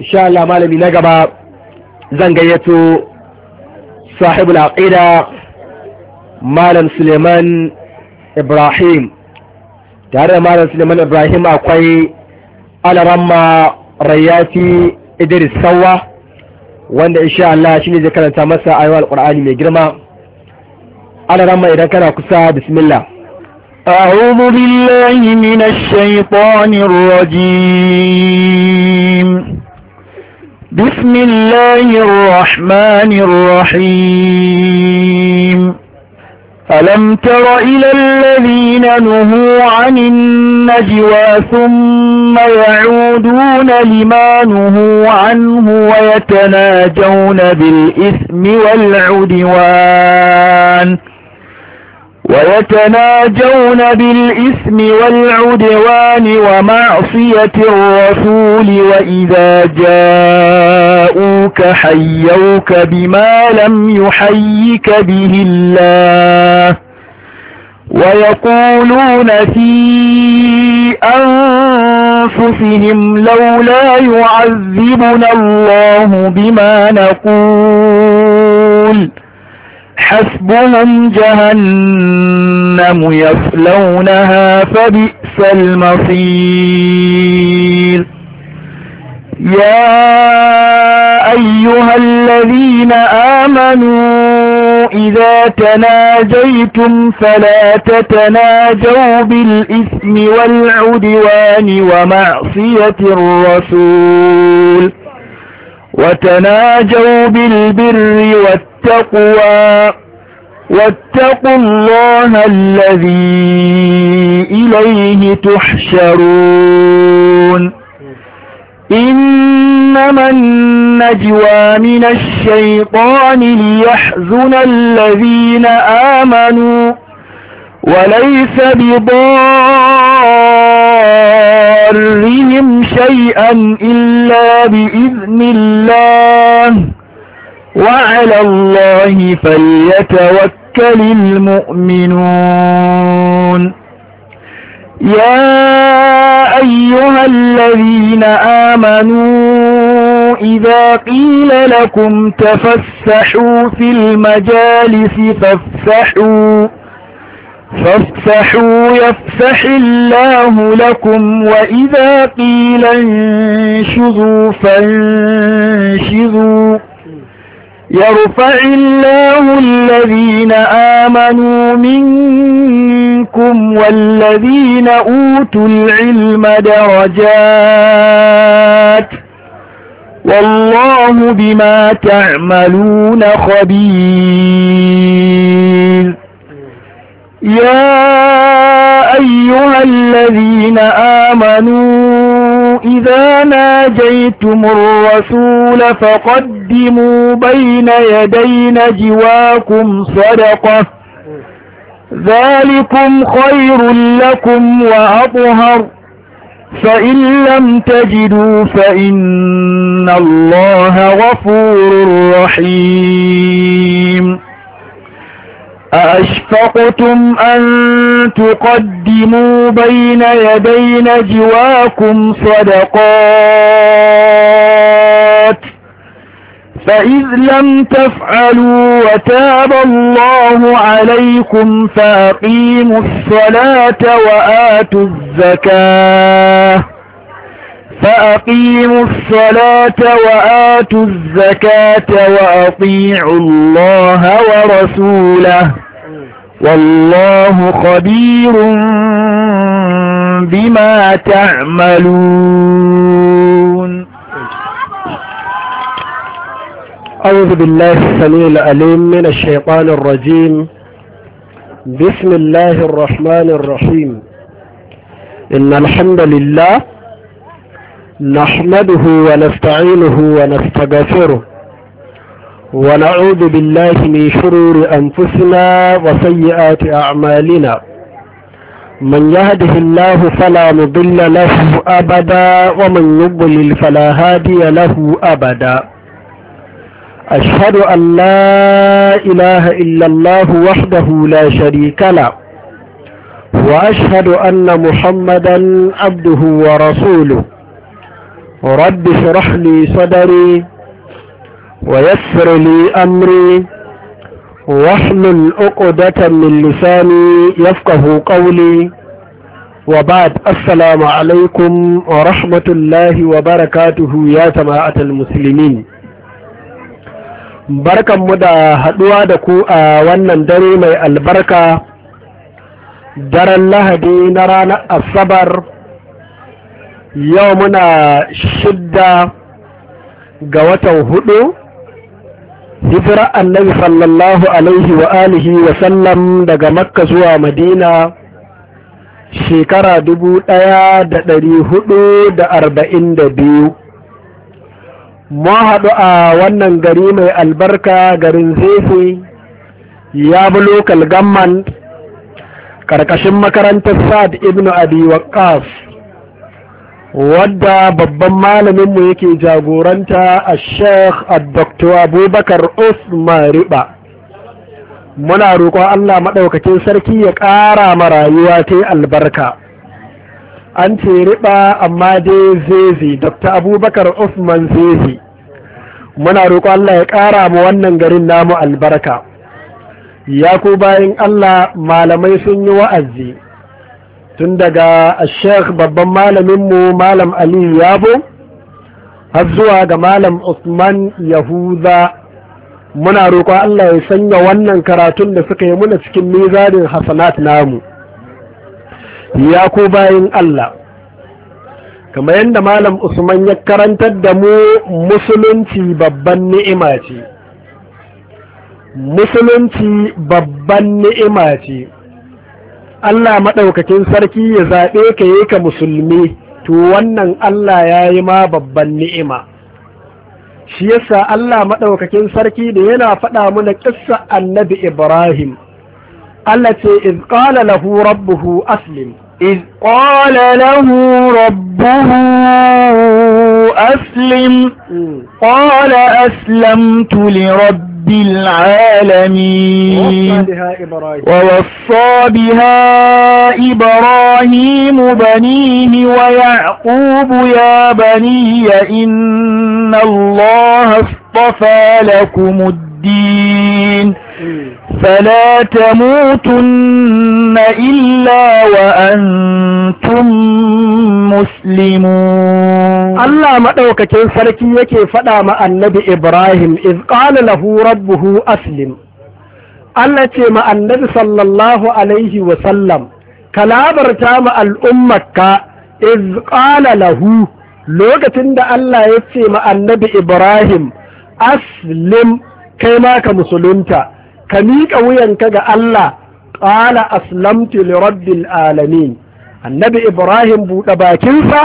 insha Allah malami na gaba zan gayyato sahibul aqida malam Suleiman Ibrahim tare da malam Suleiman Ibrahim akwai alaramma rayati Idris Sawa wanda insha Allah shine zai karanta masa ayoyin Alqur'ani mai girma alaramma idan kana kusa bismillah أعوذ بالله من الشيطان الرجيم بسم الله الرحمن الرحيم ألم تر إلى الذين نهوا عن النجوى ثم يعودون لما نهوا عنه ويتناجون بالإثم والعدوان ويتناجون بالإثم والعدوان ومعصية الرسول وإذا جاءوك حيوك بما لم يحيك به الله ويقولون في أنفسهم لولا يعذبنا الله بما نقول حسبهم جهنم يصلونها فبئس المصير يا أيها الذين آمنوا إذا تناجيتم فلا تتناجوا بالإثم والعدوان ومعصية الرسول وتناجوا بالبر والتقوى التقوى واتقوا الله الذي إليه تحشرون إنما النجوى من الشيطان ليحزن الذين آمنوا وليس بضارهم شيئا إلا بإذن الله وعلى الله فليتوكل المؤمنون يا أيها الذين آمنوا إذا قيل لكم تفسحوا في المجالس فافسحوا فافسحوا يفسح الله لكم وإذا قيل انشذوا فانشذوا يرفع الله الذين آمنوا منكم والذين أوتوا العلم درجات والله بما تعملون خبير يا أيها الذين آمنوا إذا ناجيتم الرسول فقدموا بين يدي نجواكم صدقة ذلكم خير لكم وأطهر فإن لم تجدوا فإن الله غفور رحيم أأشفقتم أن تقدموا بين يدي نجواكم صدقات فإذ لم تفعلوا وتاب الله عليكم فأقيموا الصلاة وآتوا الزكاة فأقيموا الصلاة وآتوا الزكاة وأطيعوا الله ورسوله والله خبير بما تعملون أعوذ بالله السميع العليم من الشيطان الرجيم بسم الله الرحمن الرحيم إن الحمد لله نحمده ونستعينه ونستغفره ونعوذ بالله من شرور أنفسنا وسيئات أعمالنا من يهده الله فلا مضل له أبدا ومن يضلل فلا هادي له أبدا أشهد أن لا إله إلا الله وحده لا شريك له وأشهد أن محمدا عبده ورسوله رب اشرح لي صدري ويسر لي أمري واحلل عقدة من لساني يفقه قولي وبعد السلام عليكم ورحمة الله وبركاته يا جماعة المسلمين barkanmu da haɗuwa da ku a wannan dare mai albarka daren lahadi na ranar asabar yau muna shidda ga watan hudu hijira annabi sallallahu alaihi wa alihi wa sallam daga makka zuwa madina shekara dubu ɗaya da dari hudu da arba'in da biyu mun haɗu a wannan gari mai albarka garin zefi ya bi lokal gamman ƙarƙashin makarantar sa'ad ibnu abi waqqas wadda babban malaminmu yake jagoranta a sheikh dr abubakar usman riba muna roƙon allah maɗaukakin sarki ya ƙara ma rayuwa ta albarka an ce riba amma dai zezi dr abubakar usman zezi muna roƙon allah ya ƙara ma wannan garin namu albarka ya ku bayan allah malamai sun yi wa'azi tun daga sheikh babban malaminmu malam aliyu yabo har zuwa ga malam usman yahuza muna roƙon allah ya sanya wannan karatun da suka yi muna cikin mizanin hasanat namu ya ko bayan allah kamar yadda malam usman ya karantar da mu musulunci babban ni'ima ce musulunci babban ni'ima ce Allah maɗaukakin sarki ya zaɓe ka yi ka musulmi to wannan Allah ya yi ma babban ni'ima shi yasa Allah maɗaukakin sarki da yana faɗa mana ƙissa annabi Ibrahim Allah ce iz qala lahu rabbuhu aslim iz qala lahu rabbuhu aslim hmm. qala aslamtu li rabbi العالمين ووصى بها إبراهيم بنيه ويعقوب يا بني إن الله اصطفى لكم الدين فلا تموتن إلا وأنتم مسلمون الله ما دوك كين سلكي يكي فدا مع النبي إبراهيم إذ قال له ربه أسلم الله تي مع النبي صلى الله عليه وسلم كلابر تام الأمة إذ قال له lokacin da Allah ya ce ma annabi Ibrahim aslim kai ma ka musulunta ka miƙa wuyanka ga Allah ƙala aslamtu li rabbil alamin annabi ibrahim buɗe bakinsa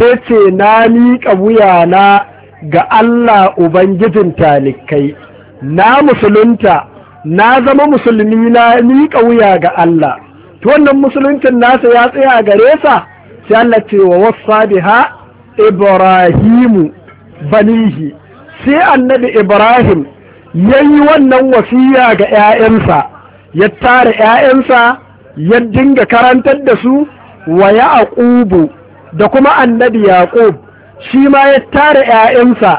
sai ce na miƙa wuyana ga Allah ubangijin talikai na musulunta na zama musulmi na miƙa wuya ga Allah to wannan musuluncin nasa ya tsaya a gare sa sai Allah ce wa wasa biha ibrahimu banihi sai annabi ibrahim ya yi wannan wasiya ga 'ya'yansa ya tara 'ya'yansa ya dinga karantar da su wa yaqubu da kuma annabi yaqub shi ma ya tara 'ya'yansa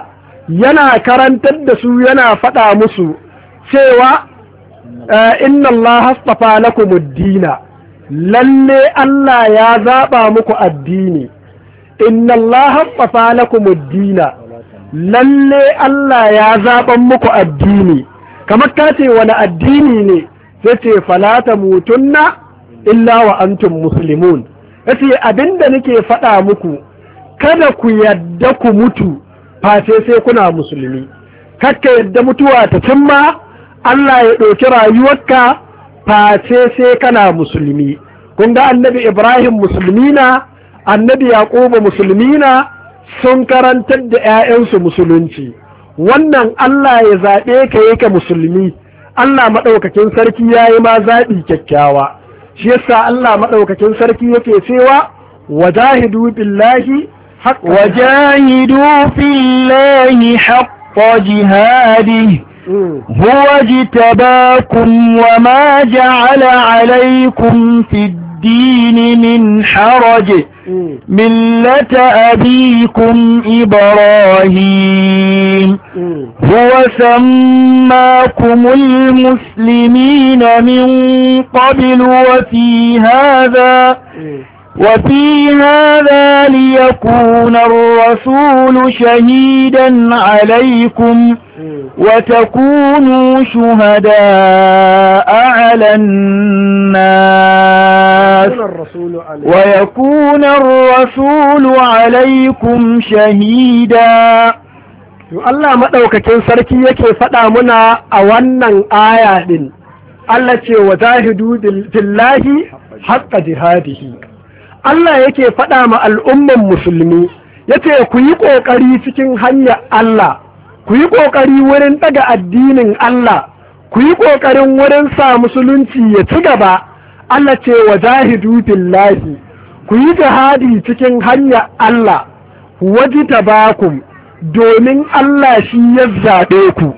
yana karantar da su yana faɗa musu cewa eh, inna Allah hastafa lakum ad-dina lalle Allah ya zaɓa muku addini inna Allah hastafa lakum ad-dina lalle Allah ya zaɓan muku addini kamar ka ce wani addini ne sai ce falata mutunna illa wa antum muslimun yace da nake faɗa muku kada ku yadda ku mutu face sai kuna musulmi kakka yadda mutuwa ta cimma Allah ya ɗauki rayuwarka face sai kana musulmi Kunga annabi Ibrahim musulmina annabi Yaƙubu musulmina na sun karantar da 'ya'yansu musulunci wannan Allah ya zaɓe ka yi ka musulmi Allah maɗaukakin sarki ya yi ma zaɓi kyakkyawa shi yasa Allah maɗaukakin sarki yake cewa wajahidu billahi wajahidu billahi haqqa jihadi هو اجتباكم وما جعل عليكم في الدين من حرج ملة أبيكم إبراهيم هو سماكم المسلمين من قبل وفي هذا وفي هذا ليكون الرسول شهيدا عليكم وتكونوا شهداء على الناس الناس ويكون الرسول عليكم شهيدا to Allah maɗaukakin sarki yake faɗa muna a wannan aya ɗin Allah ce wa zahidu fillahi haƙa jihadihi Allah yake faɗa ma al'umman musulmi yace ku yi ƙoƙari cikin hanyar Allah ku yi ƙoƙari wurin ɗaga addinin Allah ku yi ƙoƙarin wurin sa musulunci ya ci gaba Allah ce wa jahidu billahi ku yi jihadi cikin hanyar Allah ta bakum domin Allah shi ya zaɓe ku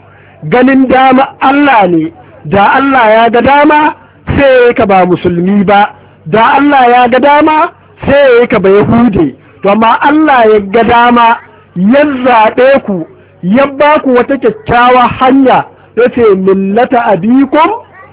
ganin dama Allah ne da Allah ya ga dama sai ka ba musulmi ba da Allah ya ga dama sai ka ba yahude to amma Allah ya ga dama ya zaɓe ku ya ba ku wata kyakkyawa hanya yace millata abikum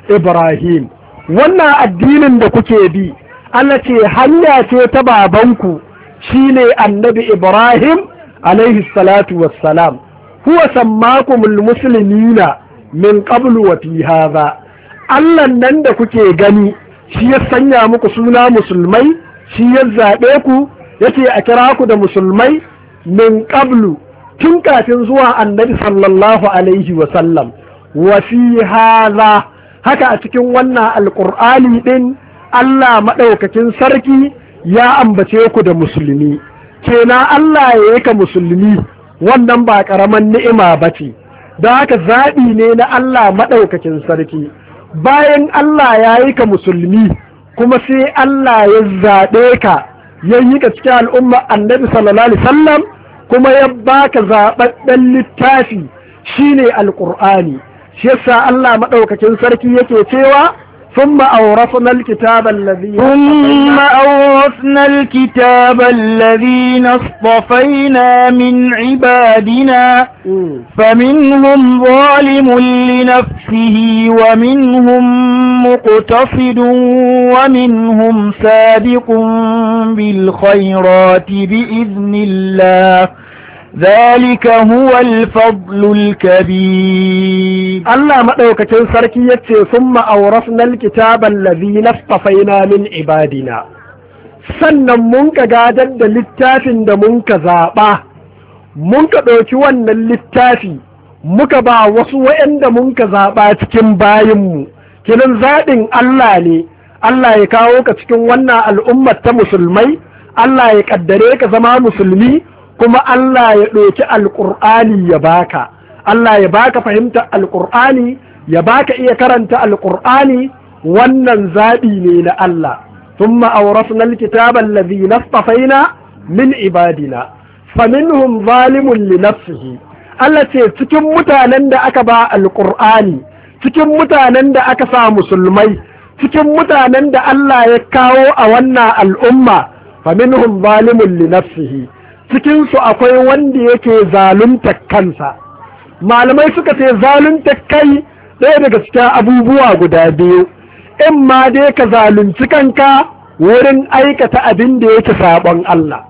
Ibrahim wannan addinin da kuke bi Allah ce hanya ce ta babanku shine annabi Ibrahim alaihi salatu wassalam huwa sammakumul muslimina min qablu wa fi hadha Allah nan da kuke gani shi ya sanya muku suna musulmai shi ya zaɓe ku yace a kira ku da musulmai min qablu tun kafin zuwa annabi sallallahu alaihi wa sallam wa fi hadha haka a cikin wannan alƙur'ani ɗin Allah maɗaukakin sarki ya ambace ku da musulmi kenan Allah ya yi ka musulmi wannan ba ƙaramin ni'ima ba ce don haka zaɓi ne na Allah maɗaukakin sarki bayan Allah ya yi ka musulmi kuma sai Allah ya zaɓe ka ya yi ka cikin al'umma annabi sallallahu alaihi sallam kuma ya baka zaɓaɓɓen littafi shine alƙur'ani shi yasa Allah madaukakin sarki yake cewa ثم أورثنا الكتاب الذي ثم أورثنا الكتاب الذين اصطفينا من عبادنا فمنهم ظالم لنفسه ومنهم مقتصد ومنهم سابق بالخيرات بإذن الله ذلك هو الفضل الكبير الله مدوكتين سركي يتي ثم أورثنا الكتاب الذي نصطفينا من عبادنا sannan mun ka gadar da littafin da mun ka zaɓa mun ka ɗauki wannan littafi muka ba wasu wa'anda mun ka zaɓa cikin bayinmu kinan zaɓin Allah ne Allah ya kawo ka cikin wannan al'ummar ta musulmai Allah ya ƙaddare ka zama musulmi kuma Allah ya ɗauki alƙur'ani ya baka Allah ya baka fahimta alƙur'ani ya baka iya karanta alƙur'ani wannan zaɓi ne na Allah ثم أورثنا الكتاب الذين min من عبادنا فمنهم ظالم لنفسه Allah ce cikin mutanen da aka ba alƙur'ani cikin mutanen da aka sa musulmai cikin mutanen da Allah ya kawo a wannan al'umma fa minhum zalimun li nafsihi cikinsu akwai wanda yake zalunta kansa malamai suka ce zalunta kai ɗaya daga cikin abubuwa guda biyu in ma dai ka zalunci kanka wurin aikata abin da yake saɓon Allah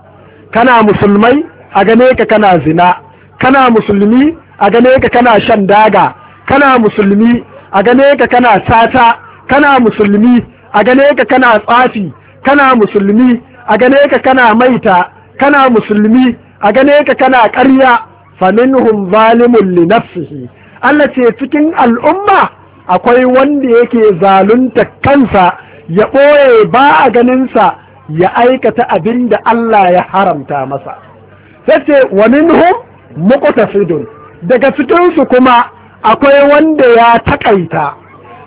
kana musulmai a gane ka kana zina kana musulmi a gane ka kana shan daga kana musulmi a gane ka kana sata kana musulmi a gane ka kana tsafi kana musulmi a gane ka kana maita kana musulmi a gane ka kana ƙarya faminhum zalimun li nafsihi Allah ce cikin al'umma akwai wanda yake zalunta kansa ya ɓoye ba a ganinsa ya aikata abin da Allah ya haramta masa sai ce wa minhum muqtasidun daga cikinsu kuma akwai wanda ya taƙaita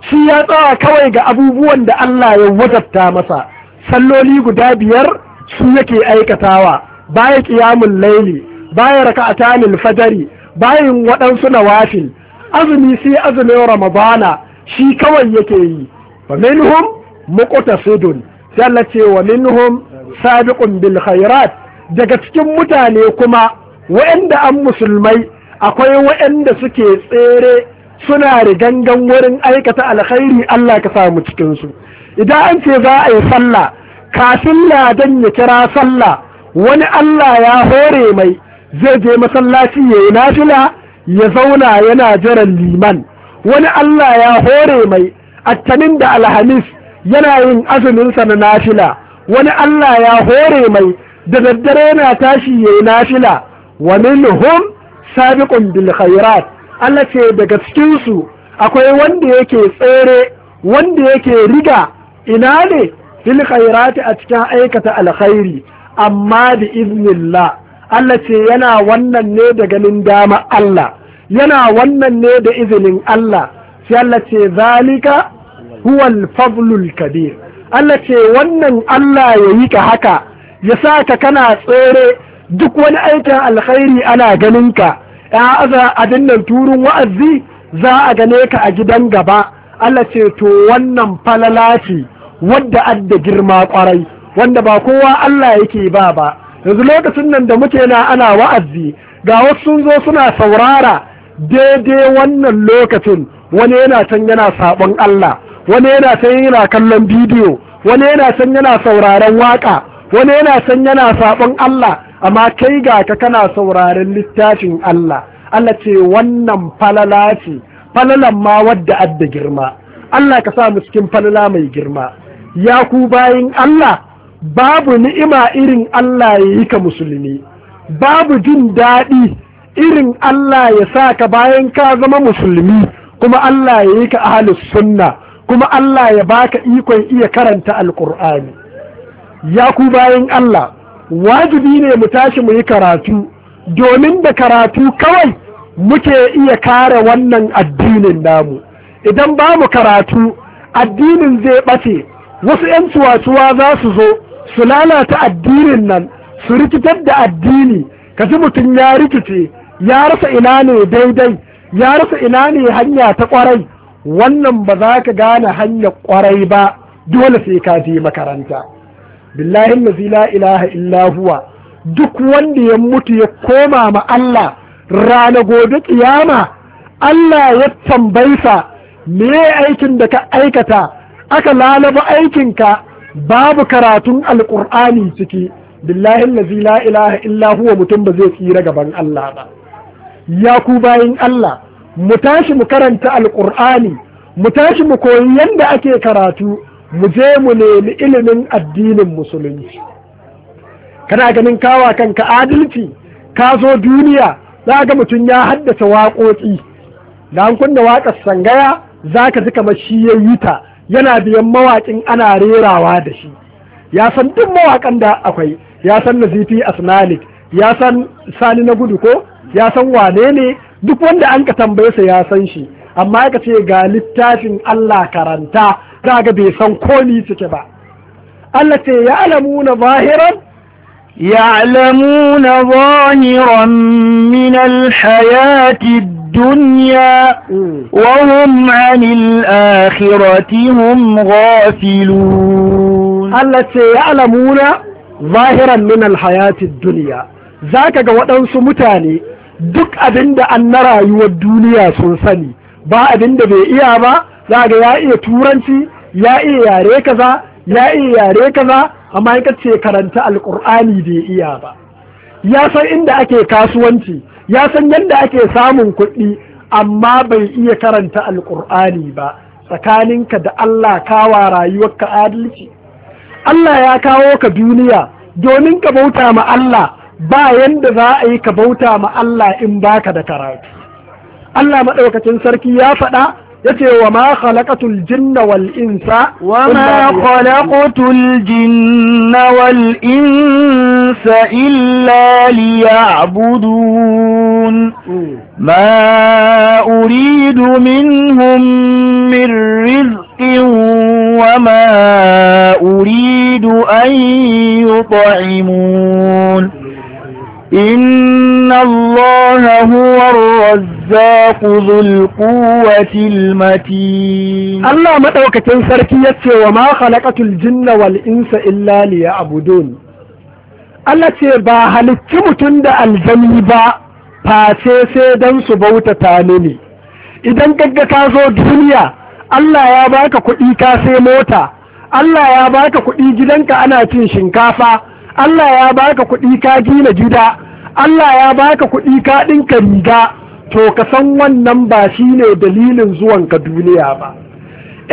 shi ya tsawa kawai ga abubuwan da Allah ya wajabta masa salloli guda biyar su yake aikatawa baya ƙiyamun laili baya raka'atanil fajari bayin waɗansu wafin azumi sai azumin ramadana shi kawai yake yi wa minhum muqtasidun sai Allah ce wa minhum sabiqun bil khairat daga cikin mutane kuma waɗanda an musulmai akwai waɗanda suke tsere suna rigangan wurin aikata alkhairi Allah ka samu cikin su idan an ce za a yi sallah kafin ladan ya kira sallah wani Allah ya hore mai zai je masallaci ya yi nafila ya zauna yana jiran liman wani Allah ya hore mai attanin da alhamis yana yin azuminsa na nafila wani Allah ya hore mai da daddare yana tashi ya yi nafila wa minhum sabiqun bil khairat Allah ce daga cikinsu akwai wanda yake tsere wanda yake riga ina ne fil khairati a cikin aikata alkhairi amma bi iznillah Allah ce yana wannan ne da ganin dama Allah yana wannan ne da izinin Allah sai Allah ce zalika huwal fadlul kabir Allah ce wannan Allah ya yi ka haka ya sa ka kana tsere duk wani aikin alkhairi ana ganin ka ya aza abin nan turun wa'azi za a gane ka a gidan gaba Allah ce to wannan falala ce wadda adda girma kwarai wanda ba kowa Allah yake ba ba yanzu lokacin nan da muke na ana wa'azi ga wasu sun zo suna saurara daidai wannan lokacin wani yana can yana sabon Allah wani yana can yana kallon bidiyo wani yana can yana sauraren waka wani yana can yana saɓon Allah amma kai ga ka kana sauraren littafin Allah Allah ce wannan falala ce falalan ma wadda adda girma Allah ka sa mu cikin falala mai girma ya ku bayin Allah babu ni'ima irin Allah ya yi ka musulmi babu jin daɗi irin Allah ya sa ka bayan ka zama musulmi kuma Allah ya yi ka ahalus sunna kuma Allah ya baka ikon iya karanta alkur'ani ya ku bayan Allah wajibi ne mu tashi mu yi karatu domin da karatu kawai muke iya kare wannan addinin namu idan ba mu karatu addinin zai ɓace wasu 'yan tuwatuwa za su zo su lalata addinin nan su rikitar da addini ka ji mutum ya rikice ya rasa ina ne daidai ya rasa ina ne hanya ta kwarai wannan ba za ka gane hanyar kwarai ba dole sai ka je makaranta billahi lazi la ilaha illa duk wanda ya mutu ya koma ma Allah rana gobe kiyama Allah ya tambaisa me aikin da ka aikata aka lalaba aikinka babu karatun alƙur'ani ciki billahi allazi la ilaha illa huwa mutum ba zai tsira gaban Allah ba ya ku bayin Allah mu tashi mu karanta alƙur'ani mu tashi mu koyi yadda ake karatu mu je mu nemi ilimin addinin musulunci kana ganin kawa kanka adalci ka zo duniya za ga mutum ya haddasa waƙoƙi da an kunna waƙar sangaya za ka ji kamar shi ya yi ta yana biyan mawaƙin ana rerawa da shi ya san duk mawaƙan da akwai ya san na nazifi asnalik ya san sani na gudu ko ya san wane ne duk wanda an ka tambaye sa ya san shi amma aka ce ga littafin Allah karanta za ga bai san ni suke ba Allah ce ya alamuna zahiran يعلمون ظاهرا zahiran min الدنيا الدنيا وهم عن الآخرة هم غافلون التي يعلمون ظاهرا من الحياة الدنيا ذاك قوات متاني duk abin da an na rayuwar duniya sun sani ba abin da bai iya ba za ga ya iya turanci ya iya yare kaza ya iya yare kaza amma ya ce karanta alkur'ani bai iya ba ya san inda ake kasuwanci ya san yadda ake samun kuɗi amma bai iya karanta alƙur'ani ba tsakaninka da Allah kawa rayuwarka adalci Allah ya kawo ka duniya domin ka bauta ma Allah ba yadda za a yi ka bauta ma Allah in baka da karatu Allah maɗaukacin sarki ya faɗa yace wa ma khalaqatul jinna wal insa wa ma khalaqatul jinna wal insa illa liya'budun ma uridu minhum min rizqin wa ma uridu an yut'imun إن الله هو الرزاق ذو القوة المتين الله مدوك تنسركي يتشي وما خلقت الجن والإنس إلا ليعبدون Allah ce ba halicci mutum da aljani ba face sai don su bautata ne idan gagga ka zo duniya Allah ya baka kuɗi ka sai mota Allah ya baka kuɗi gidanka ana cin shinkafa Allah ya baka kuɗi ka gina gida Allah ya baka kuɗi ka ɗinka riga to ka san wannan ba shi ne dalilin zuwanka duniya ba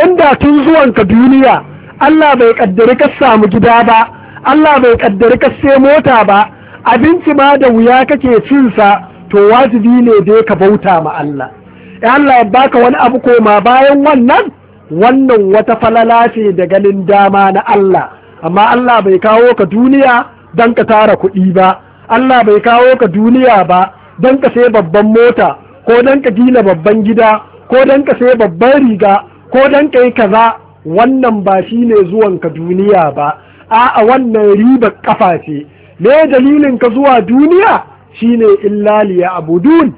inda tun zuwanka duniya Allah bai ƙaddari ka samu gida ba Allah bai ƙaddari ka sai mota ba abinci ma da wuya kake cinsa to wajibi ne dai ka bauta ma Allah in Allah ya baka wani abu koma bayan wannan wannan wata falala ce da ganin dama na Allah amma Allah bai kawo ka duniya don ka tara kuɗi ba Allah bai kawo ka duniya ba don ka sai babban mota ko don ka gina babban gida ko don ka sai babban riga ko don ka yi kaza wannan ba shi ne zuwan ka duniya ba a'a wannan riba kafa ce me dalilin ka zuwa duniya shine illa liya abudun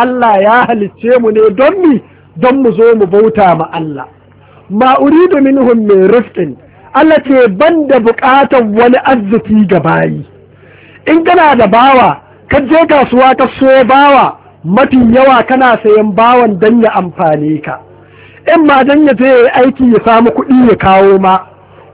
Allah ya halicce mu ne don mi don mu zo mu bauta ma Allah ma uridu minhum min rifqin Allah ce ban da buƙatar wani arziki ga bayi in kana da bawa ka je kasuwa ka so bawa mafi yawa kana sayan bawan don ya amfane ka in ma don ya je aiki ya samu kuɗi ya kawo ma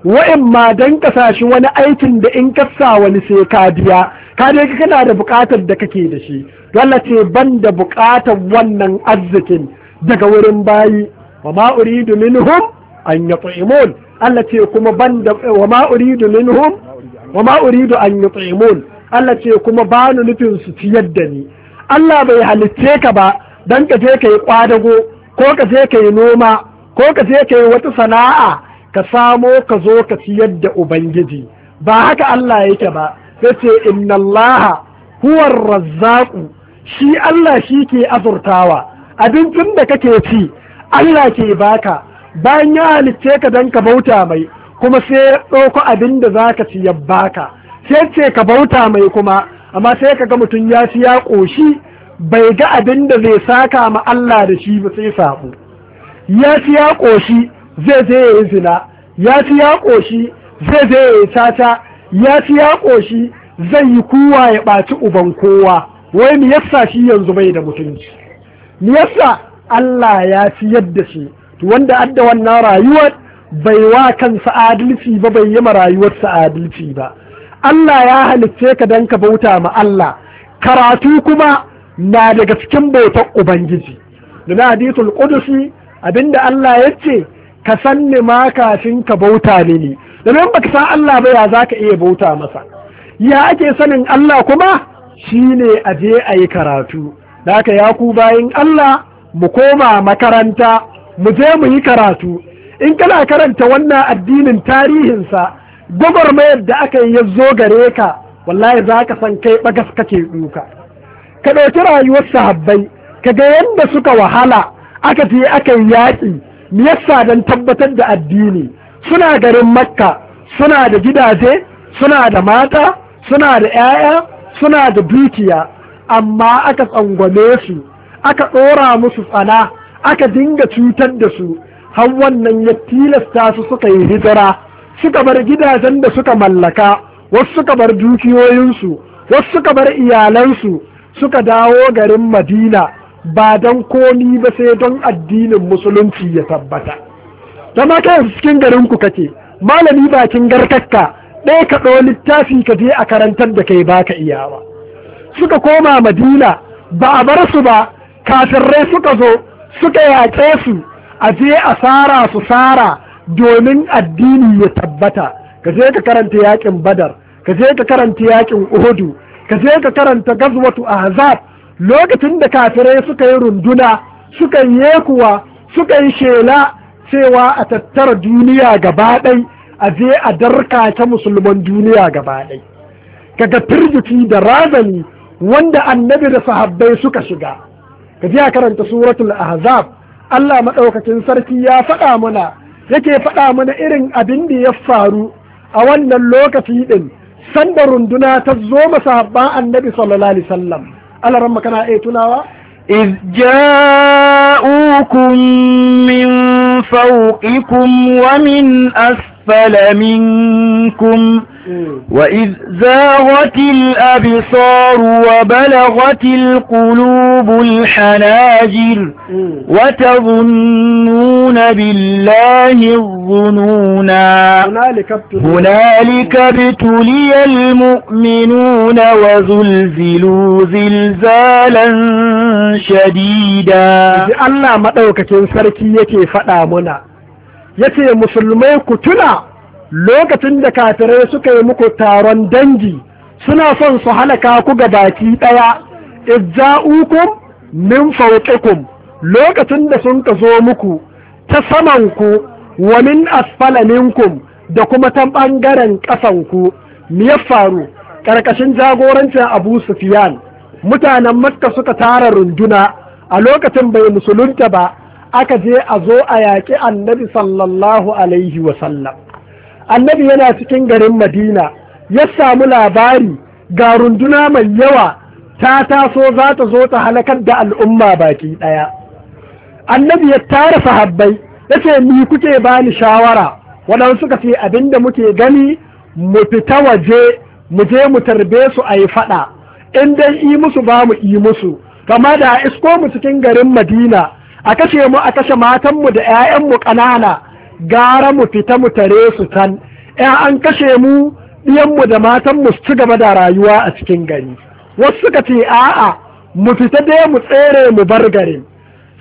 wa in ma don ka sashi wani aikin da in ka sa wani sai ka biya ka ka kana da buƙatar da kake da shi Allah ce ban da buƙatar wannan arzikin daga wurin bayi wa ma'uri minhum an yut'imun Allah ce kuma banda wa ma uridu minhum wa ma uridu an yut'imun Allah ce kuma ba ni nufin su ciyar da ni Allah bai halicce ka ba dan ka je ka kwadago ko ka je ka noma ko ka je ka wata sana'a ka samo ka zo ka ciyar da ubangiji ba haka Allah yake ba sai ce inna Allah huwa ar-razzaq shi Allah shi ke azurtawa abincin da kake ci Allah ke baka bayan ya halicce ka dan ka bauta mai kuma sai ya ɗauko abin da za ka ci ya baka sai ce ka bauta mai kuma amma sai ka ga mutum ya ci ya ƙoshi bai ga abin da zai saka ma Allah da shi ba sai saɓo ya ci ya ƙoshi zai je ya yi zina ya ci ya ƙoshi zai je ya yi tata ya ci ya ƙoshi zai yi kowa ya ɓaci uban kowa wai mu yasa shi yanzu bai da mutunci mu yasa Allah ya ci yadda shi to wanda adda wannan rayuwar bai wa kansa adalci ba bai yi ma rayuwarsa adalci ba Allah ya halicce ka dan ka bauta ma Allah karatu kuma na daga cikin bautar ubangiji domin hadithul qudusi abinda Allah ya ce ka san ni ma kafin ka bauta ni ne domin baka san Allah ba ya zaka iya bauta masa ya ake sanin Allah kuma shine a je a yi karatu da haka ya ku bayin Allah mu koma makaranta mu je mu yi karatu in kana karanta wannan addinin tarihinsa gwagwarmayar da aka yi ya gare ka wallahi za ka san kai bagas kake duka ka ɗauki rayuwar sahabbai ka ga yadda suka wahala aka je aka yi yaƙi me yasa don tabbatar da addini suna garin makka suna da gidaje suna da mata suna da 'ya'ya suna da dukiya amma aka tsangwame su aka ɗora musu tsana aka dinga cutar da su har wannan ya tilasta su suka yi hijira suka bar gidajen da suka mallaka wasu suka bar dukiyoyinsu wasu suka bar iyalansu suka dawo garin madina ba don komi ba sai don addinin musulunci ya tabbata zama ka yanzu cikin garinku kake malami bakin garkakka ɗaya ka ɗo littafi ka je a karantar da kai baka iyawa suka koma madina ba a bar su ba kafin rai suka zo suka yaƙe su a je a sara su sara domin addini ya tabbata ka je ka karanta yaƙin badar ka je ka karanta yaƙin uhudu ka je ka karanta gazwatu ahzab lokacin da kafirai suka yi runduna suka yi yekuwa suka yi shela cewa a tattara duniya gaba ɗai a je a darka ta musulman duniya gaba ɗai kaga firgiti da razani wanda annabi da sahabbai suka shiga ka je karanta suratul ahzab Allah madaukakin sarki ya faɗa mana yake faɗa mana irin abin da ya faru a wannan lokaci din sanda runduna ta zo masahabban annabi sallallahu alaihi wasallam Allah ran makana ai tunawa إذ جاءوكم من فوقكم ومن أسفل منكم أنفسكم وإذ زاغت الأبصار وبلغت القلوب الحناجر وتظنون بالله الظنونا هنالك ابتلي المؤمنون وزلزلوا زلزالا شديدا الله ما ɗaukakin sarki yake faɗa muna yace musulmai ku tuna lokacin da kafirai suka yi muku taron dangi suna son su halaka ku ga baki ɗaya izza'ukum min fawqikum lokacin da sun ka zo muku ta samanku wa min asfala minkum da kuma ta ɓangaren ƙasanku me ya faru ƙarƙashin jagorancin abu sufiyan mutanen makka suka tara runduna a lokacin bai musulunta ba aka je a zo a yaƙi annabi sallallahu alaihi wasallam annabi yana cikin garin madina ya samu labari ga runduna mai yawa ta taso za ta zo ta halakar da al'umma baki ɗaya annabi ya tara sahabbai ya ce ni kuke bani shawara waɗansu suka ce abinda muke gani mu fita waje mu je mu tarbe su a yi faɗa in dai yi musu ba mu yi musu kama da isko mu cikin garin madina a kashe mu a kashe matanmu da 'ya'yanmu ƙanana gara mu fita mu tare su can ya an kashe mu ɗiyanmu da matanmu su ci gaba da rayuwa a cikin gari wasu suka ce a'a mu fita dai mu tsere mu bar garin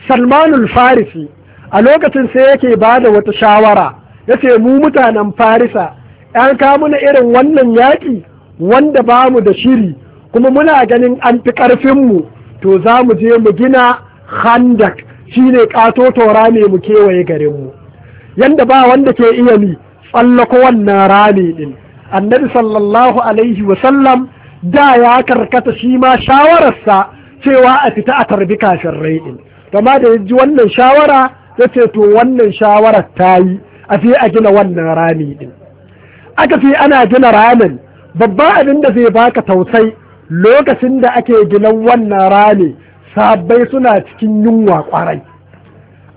salmanul farisi a lokacin sai yake ba da wata shawara ya ce mu mutanen farisa ‘yan kamuna irin wannan yaƙi wanda ba mu da shiri kuma muna ganin an fi ƙarfinmu to za mu je mu gina handak shi ne ƙato tora ne mu kewaye garinmu yanda ba wanda ke iya ni tsallako wannan rami din annabi sallallahu alaihi wa sallam da ya karkata shi ma shawararsa cewa a fita a tarbi kafin rai din kama da ya ji wannan shawara ya ce to wannan shawarar ta yi a fi a gina wannan rami din aka fi ana gina ramin babban abin da zai baka tausai lokacin da ake gina wannan rami sabbai suna cikin yunwa kwarai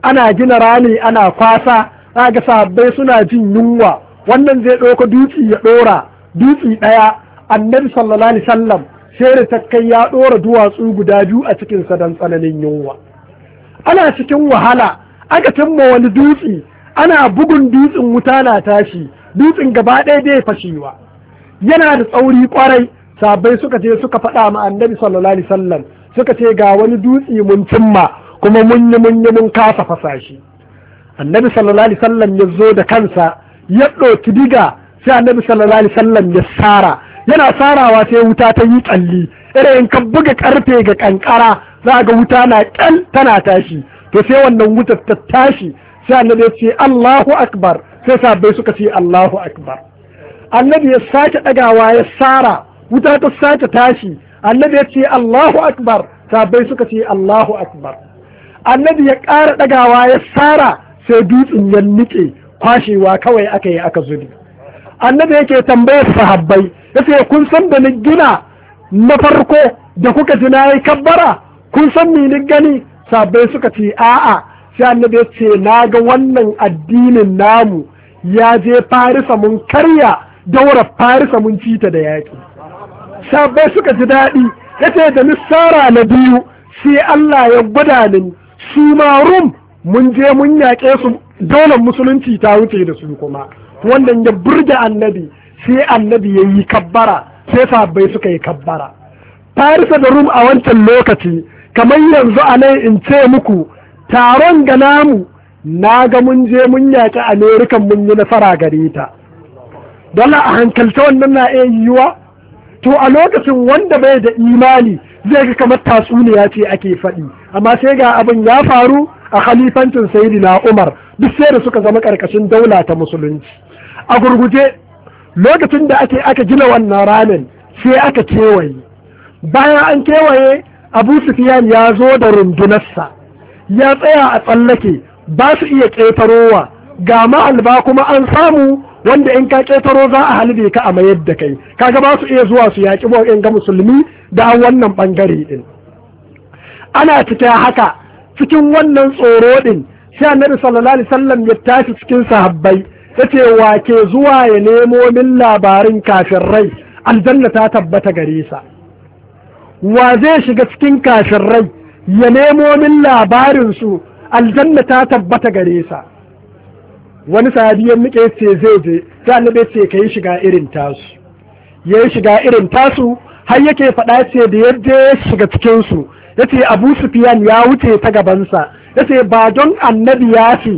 ana gina rami ana kwasa ga sahabbai suna jin yunwa wannan zai ɗauka dutsi ya ɗora dutsi ɗaya annabi sallallahu alaihi sallam sai da takkai ya ɗora duwatsu guda biyu a cikin sa don tsananin yunwa ana cikin wahala aka cimma wani dutsi ana bugun dutsin wuta na tashi dutsin gaba ɗaya bai fashewa yana da tsauri kwarai sabai suka je suka faɗa ma annabi sallallahu alaihi sallam suka ce ga wani dutsi mun cimma kuma mun yi mun yi mun kasa fasashi annabi sallallahu alaihi sallam ya zo da kansa ya ɗauki diga sai annabi sallallahu alaihi sallam ya sara yana sarawa sai wuta ta yi tsalli irin ka buga karfe ga kankara za ga wuta na kyal tana tashi to sai wannan wuta ta tashi sai annabi ya ce Allahu akbar sai sabai suka ce Allahu akbar annabi ya sake dagawa ya sara wuta ta sake tashi annabi ya ce Allahu akbar sabai suka ce Allahu akbar annabi ya ƙara dagawa ya sara sai dutsen ya nike kwashewa kawai aka yi aka zuri annabi yake tambayar sahabbai yace kun san da ni gina na farko da kuka ji na yi kabbara kun san ni ni gani sabai suka ce a'a sai annabi ya ce na ga wannan addinin namu ya je farisa mun karya daura farisa mun cita da yaƙi sabai suka ji daɗi ya ce da nisara na biyu sai Allah ya gwada ni su ma rum mun je mun yaƙe su dole musulunci ta wuce da su kuma wannan ya burge annabi sai annabi ya yi kabbara sai sabbai suka yi kabbara farisa da rum a wancan lokaci kamar yanzu a nan in ce muku taron ga namu na ga mun je mun yaƙi amerikan mun yi nasara gare ta dole a hankalta wannan na iya yiwuwa to a lokacin wanda bai da imani zai ga kamar tatsuniya ce ake faɗi amma sai ga abin ya faru a khalifancin na Umar duk sai da suka zama karkashin daula ta musulunci a gurguje lokacin da ake aka gina wannan ramin sai aka kewaye bayan an kewaye Abu Sufyan ya zo da rundunarsa ya tsaya a tsallake ba su iya ƙetarowa ga ma'alba kuma an samu wanda in ka ƙetaro za a halibe ka a mayar da kai kaga ba su iya zuwa su yaƙi in ga musulmi da an wannan ɓangare ɗin ana cikin haka cikin wannan tsoro din sai annabi sallallahu alaihi wasallam ya tashi cikin sahabbai yace wa ke zuwa ya nemo min labarin kafin rai aljanna ta tabbata gare sa wa zai shiga cikin kafin rai ya nemo min labarin aljanna ta tabbata gare sa wani sahabi ya muke ce zai je sai annabi ce kai shiga irin tasu yayi shiga irin tasu har yake faɗa ce da yadda ya shiga cikinsu? yace Abu Sufyan ya wuce ta gabansa yace ba don annabi ya ce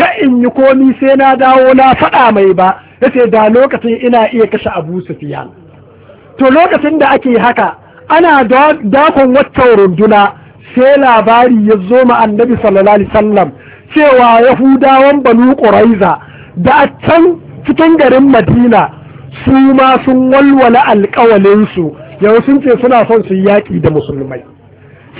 ka in yi komi sai na dawo na faɗa mai ba yace da lokacin ina iya kashe Abu Sufyan to lokacin da ake haka ana dakon waccan runduna sai labari ya zo ma annabi sallallahu alaihi wasallam cewa yahudawan banu ƙuraiza da a can cikin garin madina su ma sun walwala alƙawalinsu yau sun ce suna son su yaƙi da musulmai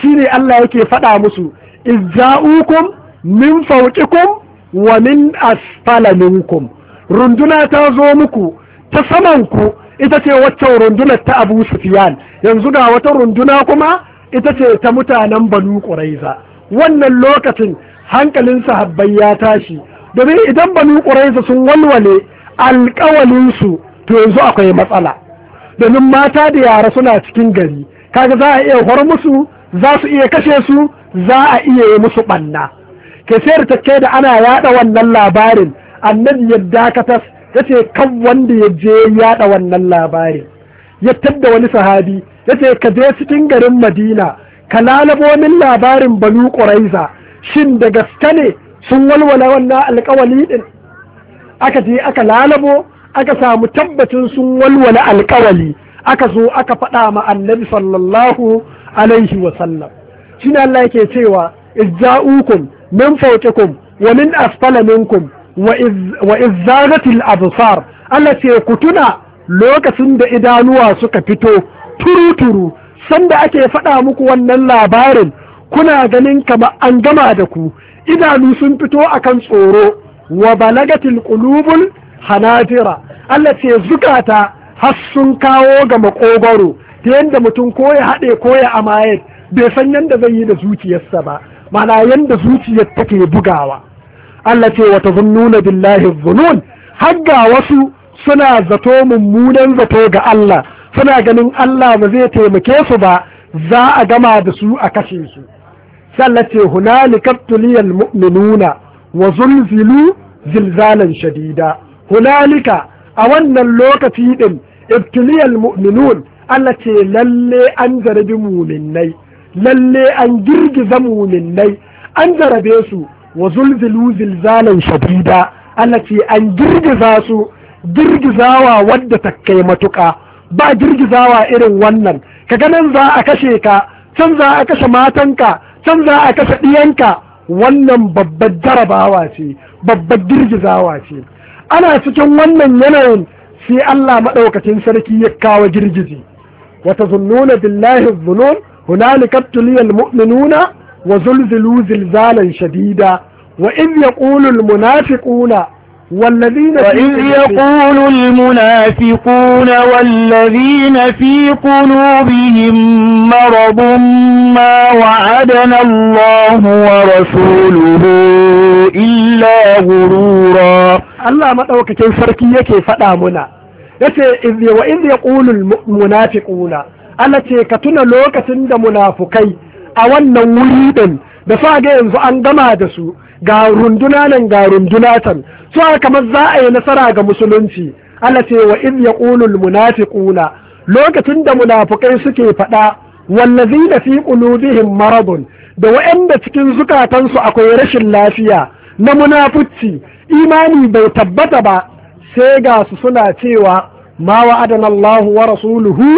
Shi ne Allah yake faɗa musu izza'ukum min fawqikum wa min asfala minkum runduna ta zo muku ta saman ku ita ce waccan rundunar ta Abu Sufyan yanzu ga wata runduna kuma ita ce ta mutanen Banu Quraiza wannan lokacin hankalin sahabbai ya tashi domin idan Banu Quraiza sun walwale alƙawalin to yanzu akwai matsala domin mata da yara suna cikin gari kaga za a iya hor musu za su iya kashe su za a iya yi musu ɓanna ke sayar take da ana yaɗa wannan labarin annabi ya dakatas ya ce kan wanda ya je yaɗa wannan labarin ya tadda wani sahabi ya ce ka je cikin garin madina ka lalabo min labarin banu ƙuraiza shin da gaske ne sun walwala wannan alƙawali ɗin aka je aka lalabo aka samu tabbacin sun walwala alƙawali aka zo aka faɗa ma annabi sallallahu alaihi wa sallam shine Allah yake cewa izza'ukum min fawqikum wa min asfala minkum wa iz zagatil absar Allah ce ku tuna lokacin da idanuwa suka fito turuturu sanda ake faɗa muku wannan labarin kuna ganin kama an gama da ku idanu sun fito akan tsoro wa balagatil qulubul hanajira Allah ce zukata har sun kawo ga makogoro ta yadda mutum ko ya haɗe ko ya amayar bai san yadda zai yi da zuciyarsa ba mana yadda zuciyar take bugawa Allah ce wata zunnuna billahi zunun har wasu suna zato mummunan zato ga Allah suna ganin Allah ba zai taimake su ba za a gama da su a kashe su sallah ce hunalika tuliyal mu'minuna wa zulzilu zilzalan shadida hunalika a wannan lokaci din ibtiliyal mu'minun Allah ce lalle an jarabi muminnai lalle an girgiza muminnai an jarabe su wa zulzilu zilzalan shadida Allah ce an girgiza su girgizawa wadda ta kai matuka ba girgizawa irin wannan ka ganin za a kashe ka can za a kashe matanka can za a kashe ɗiyanka wannan babbar jarabawa ce babbar girgizawa ce ana cikin wannan yanayin sai Allah maɗaukacin sarki ya kawo girgizi وتظنون بالله الظنون هنالك ابتلي المؤمنون وزلزلوا زلزالا شديدا وإذ يقول المنافقون والذين وإذ يقول المنافقون والذين في قلوبهم مرض ما وعدنا الله ورسوله إلا غرورا الله ما أوكتين فركية كيف أمنا yace wa in yaqulul ƙuna. Allah ce ka tuna lokacin da munafukai a wannan wuri din da sa ga yanzu an gama da su ga runduna nan ga runduna tan su kamar za a yi nasara ga musulunci Allah ce wa in yaqulul ƙuna. lokacin da munafukai suke faɗa da fi qulubihim maradun da wa'anda cikin zukatansu akwai rashin lafiya na munafuci imani bai tabbata ba sai ga su suna cewa ma wa'adana Allahu wa rasuluhu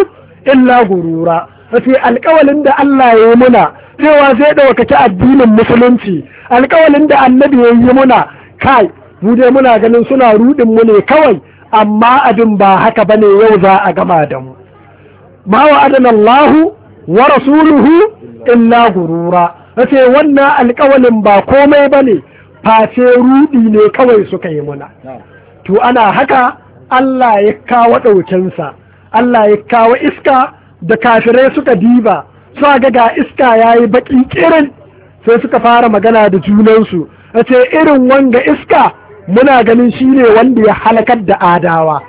illa gurura wace alkawalin da Allah ya yi muna cewa zai ɗaukaki addinin musulunci alkawalin da annabi ya yi muna kai mu dai muna ganin suna rudin mu ne kawai amma abin ba haka bane yau za a gama da mu ma wa'adana Allahu wa rasuluhu illa gurura wace wannan alkawalin ba komai bane face rudi ne kawai suka yi muna to ana haka Allah ya kawo ɗaukensa Allah ya kawo iska da kafirai suka diba suka ga ga iska ya yi baƙi ƙirin sai suka fara magana da junansu a ce irin wanga iska muna ganin shi ne wanda ya halakar da adawa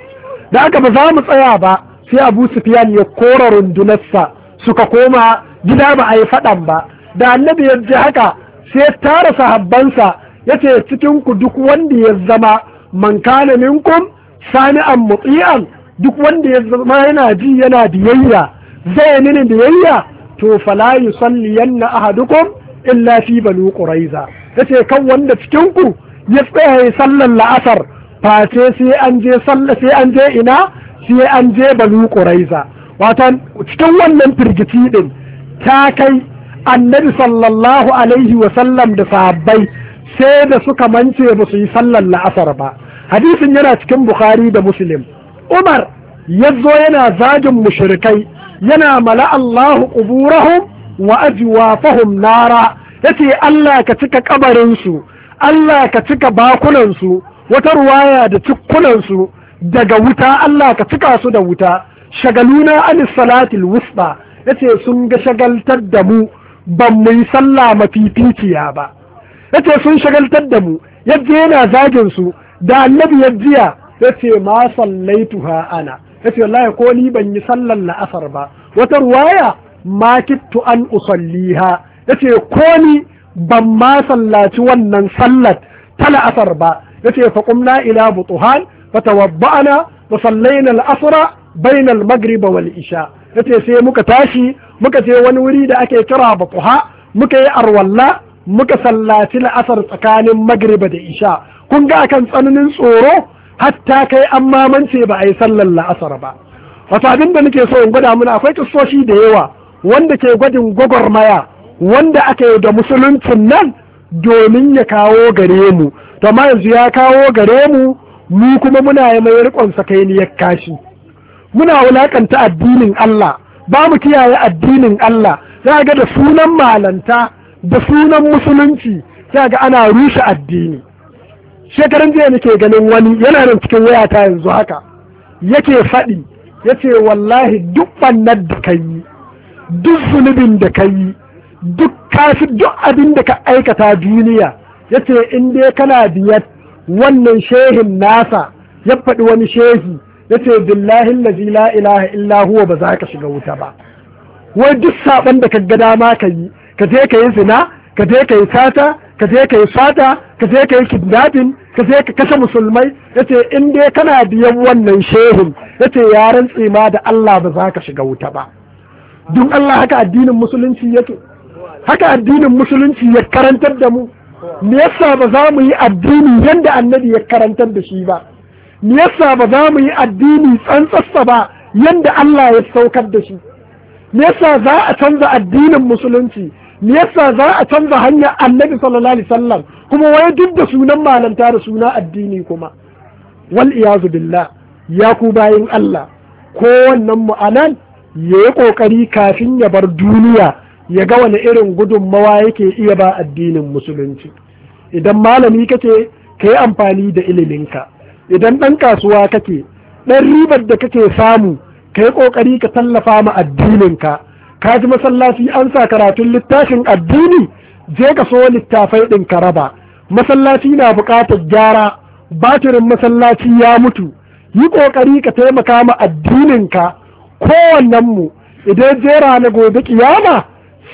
da aka ba za mu tsaya ba sai abu sufiyan ya kora rundunarsa suka koma gida ba a yi faɗan ba da annabi ya ji haka sai ya tara sahabbansa ya ce cikin duk wanda ya zama man kana minkum sami'an muti'an duk wanda ya zama yana ji yana biyayya zai nini biyayya to fala yusalliyanna ahadukum illa fi banu quraiza yace kan wanda cikin ku ya tsaya ya sallar la'asar face sai an je sallah sai an je ina sai an je quraiza watan cikin wannan firgici din ta kai annabi sallallahu alaihi wa sallam da sahabbai sai da suka mance ba su yi sallar la'asar ba hadisin yana cikin bukhari da muslim umar ya zo yana zagin mushrikai yana mala allahu quburahum wa ajwafahum nara yace Allah ka cika kabarinsu Allah ka cika bakunansu wata ruwaya da su daga wuta Allah ka cika su da wuta shagaluna an salatil wusta yace sun ga shagaltar da mu ban mu yi sallah mafificiya ba yace sun shagaltar da mu yadda yana zagin su da annabi ya jiya ya ce ma ha ana ya ce wallahi ko ni ban yi sallar la'asar ba wata ruwaya ma kittu an usalliha ya ce ko ni ban ma sallaci wannan sallar ta la'asar ba ya ce fa qumna ila butuhan fa tawabba'na wa sallaina al'asra bayna al-maghrib wal isha ya ce sai muka tashi muka je wani wuri da ake kira butuha muka yi arwalla muka sallaci la'asar tsakanin magriba da isha kun ga kan tsananin tsoro hatta kai an mamance ba a yi sallar la'asar ba wato abin da nake so in gwada muna akwai kistoshi da yawa wanda ke gwadin gwagwarmaya wanda aka yi da musuluncin nan domin ya kawo gare mu to ma yanzu ya kawo gare mu mu kuma muna yi mai rikon sakainiyar kashi muna wulakanta addinin Allah ba mu kiyaye addinin Allah za ga da sunan malanta da sunan musulunci za ga ana rushe addini shekaran jiya nake ganin wani yana nan cikin waya ta yanzu haka yake faɗi yace wallahi duk bannar da ka yi duk zunubin da ka yi duk kafi duk abin da ka aikata duniya yace in dai kana biyar wannan shehin nasa ya faɗi wani shehi yace billahi allazi la ilaha illa huwa ba za ka shiga wuta ba wai duk saɓan da ka ga dama ka yi ka je ka yi zina ka je ka yi sata ka je ka yi fata ka je ka yi kidnapping ka je ka kashe musulmai yace in dai kana biyan wannan shehun yace ce yaren tsima da Allah ba za ka shiga wuta ba Don Allah haka addinin musulunci yake haka addinin musulunci ya karantar da mu me yasa ba za mu yi addini yanda annabi ya karantar da shi ba me yasa ba za mu yi addini tsantsasta ba yadda Allah ya saukar da shi me yasa za a canza addinin musulunci me yasa za a canza hanyar annabi sallallahu alaihi wasallam kuma wai duk da sunan malanta da suna addini kuma wal iyazu billah ya ku bayin Allah ko mu anan ya yi kokari kafin ya bar duniya ya ga wani irin gudunmawa yake iya ba addinin musulunci idan malami kake ka amfani da iliminka idan ɗan kasuwa kake ɗan ribar da kake samu ka yi ƙoƙari ka tallafa ma addininka ka ji masallaci an sa karatun littafin addini je ka so littafai ɗin ka raba masallaci na buƙatar gyara batirin masallaci ya mutu yi ƙoƙari ka taimaka ma addininka kowannen mu idan jera na gobe kiyama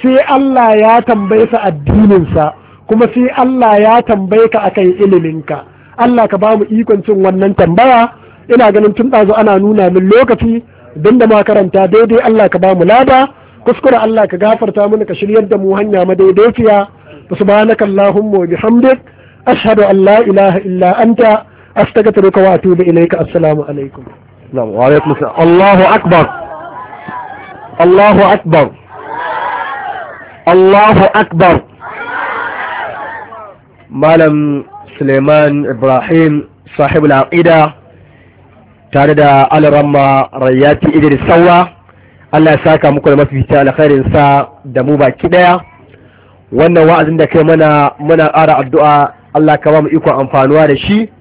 sai Allah ya tambaye sa addininsa kuma sai Allah ya tambaye ka akan iliminka Allah ka ba mu ikon cin wannan tambaya ina ganin tun ɗazu ana nuna min lokaci don da makaranta daidai Allah ka ba mu lada kuskure Allah ka gafarta mana ka shiryar da mu hanya madaidaiciya subhanaka allahumma wa bihamdik ashhadu an la ilaha illa anta astaghfiruka wa atubu ilayka assalamu alaikum wa alaikum assalam Allahu akbar Allahu akbar Allahu akbar Malam Suleiman Ibrahim sahibul aqida tare da Al-Ramma Rayyati Idris Sawwa Allah ya saka muku da mafita alkhairin sa da mu baki daya wannan wa'azin da kai mana muna ƙara addu'a Allah ka ba mu ikon amfanuwa da shi